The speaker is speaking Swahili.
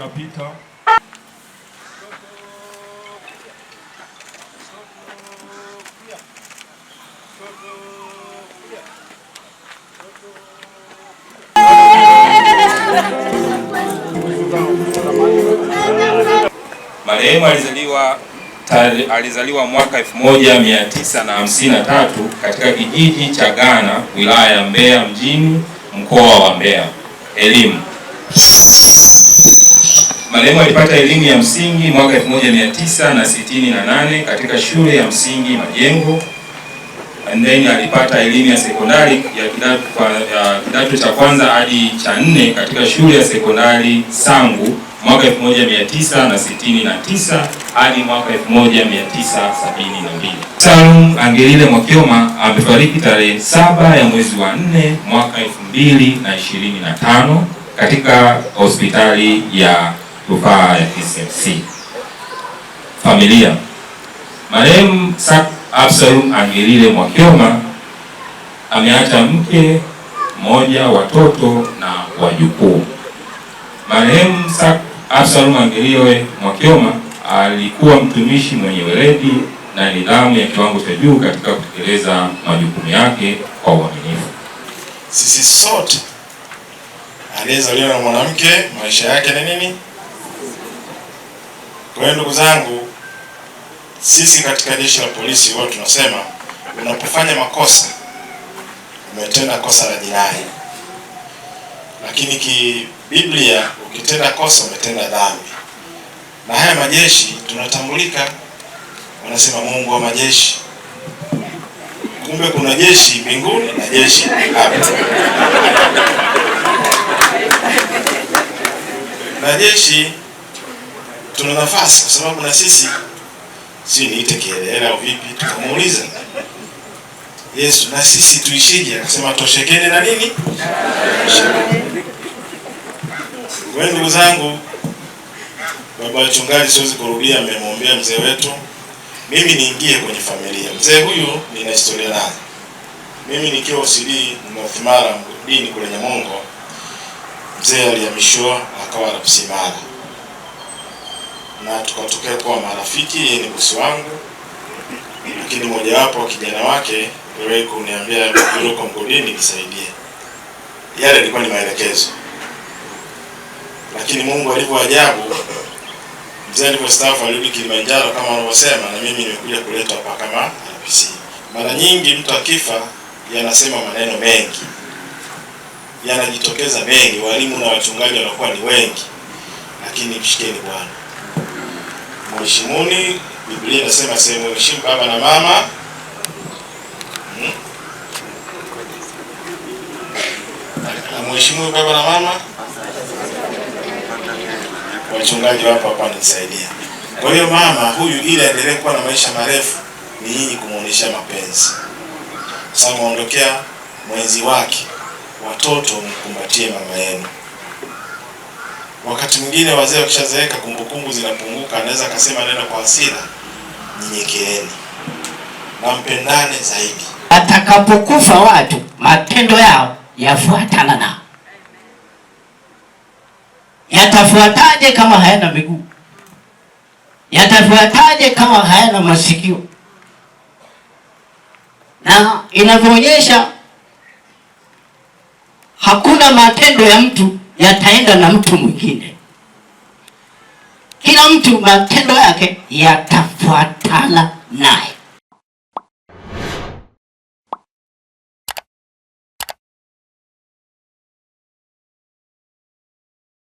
unapita Marehemu alizaliwa alizaliwa mwaka 1953 katika kijiji cha Ghana, wilaya ya Mbeya mjini, mkoa wa Mbeya. Elimu Marehemu alipata elimu ya msingi mwaka 1968 katika shule ya msingi Majengo, and then alipata elimu ya sekondari ya kidato cha kwanza hadi cha nne katika shule ya sekondari Sangu mwaka 1969 hadi mwaka 1972. Salum Angelile mwakioma amefariki tarehe saba ya mwezi wa nne mwaka 2025 katika hospitali ya rufaa ya KCMC. Familia. Marehemu Absalom Angelile Mwakyoma ameacha mke mmoja, watoto na wajukuu. Marehemu Absalom Angelile Mwakyoma alikuwa mtumishi mwenye weledi na nidhamu ya kiwango cha juu katika kutekeleza majukumu yake kwa uaminifu. Sisi sote aliyezaliwa na mwanamke maisha yake ni nini? Kwa hiyo ndugu zangu, sisi katika jeshi la polisi huwa tunasema unapofanya makosa umetenda kosa la jinai, lakini kibiblia ukitenda kosa umetenda dhambi. Na haya majeshi tunatambulika, wanasema Mungu wa majeshi. Kumbe kuna jeshi mbinguni na jeshi hapa na jeshi tuna nafasi kwa sababu na sisi si niite kielehela au vipi? Tukamuuliza Yesu, na sisi tuishije? Akasema toshekeni na nini. Wewe ndugu zangu, baba wachungaji, siwezi kurudia, mmemwambia mzee wetu. Mimi niingie kwenye familia. Mzee huyu nina historia naye. Mimi nikiwa usilii North Mara dini kule Nyamongo, mzee alihamishiwa akawa Arapsimara na tukatokea kuwa marafiki. Ni bosi wangu, lakini mojawapo wa kijana wake aliwahi kuniambia kwa mgodini nisaidie. Yale yalikuwa ni maelekezo, lakini Mungu alivyo ajabu, mzee alipostaafu alirudi Kilimanjaro kama wanavyosema, na mimi nimekuja kuletwa hapa kama RPC. Mara nyingi mtu akifa yanasema maneno mengi, yanajitokeza mengi, walimu na wachungaji wanakuwa ni wengi, lakini mshikeni Bwana kumheshimuni. Biblia inasema sehemu heshimu baba na mama hmm? Na Mheshimu baba na mama. Wachungaji wapo hapa wanisaidia. Kwa hiyo mama huyu ili aendelee kuwa na maisha marefu, ni nyinyi kumuonesha mapenzi. Sasa muondokea mwenzi wake, watoto mkumbatie mama yenu. Wakati mwingine wazee wakishazeeka kumbukumbu zinapunguka, anaweza akasema neno kwa hasira, nyenyekeeni na mpendane zaidi. Watakapokufa watu, matendo yao yafuatana na Yatafuataje kama hayana miguu? Yatafuataje kama hayana masikio? Na inavyoonyesha hakuna matendo ya mtu yataenda na mtu mwingine kila mtu matendo yake yatafuatana naye.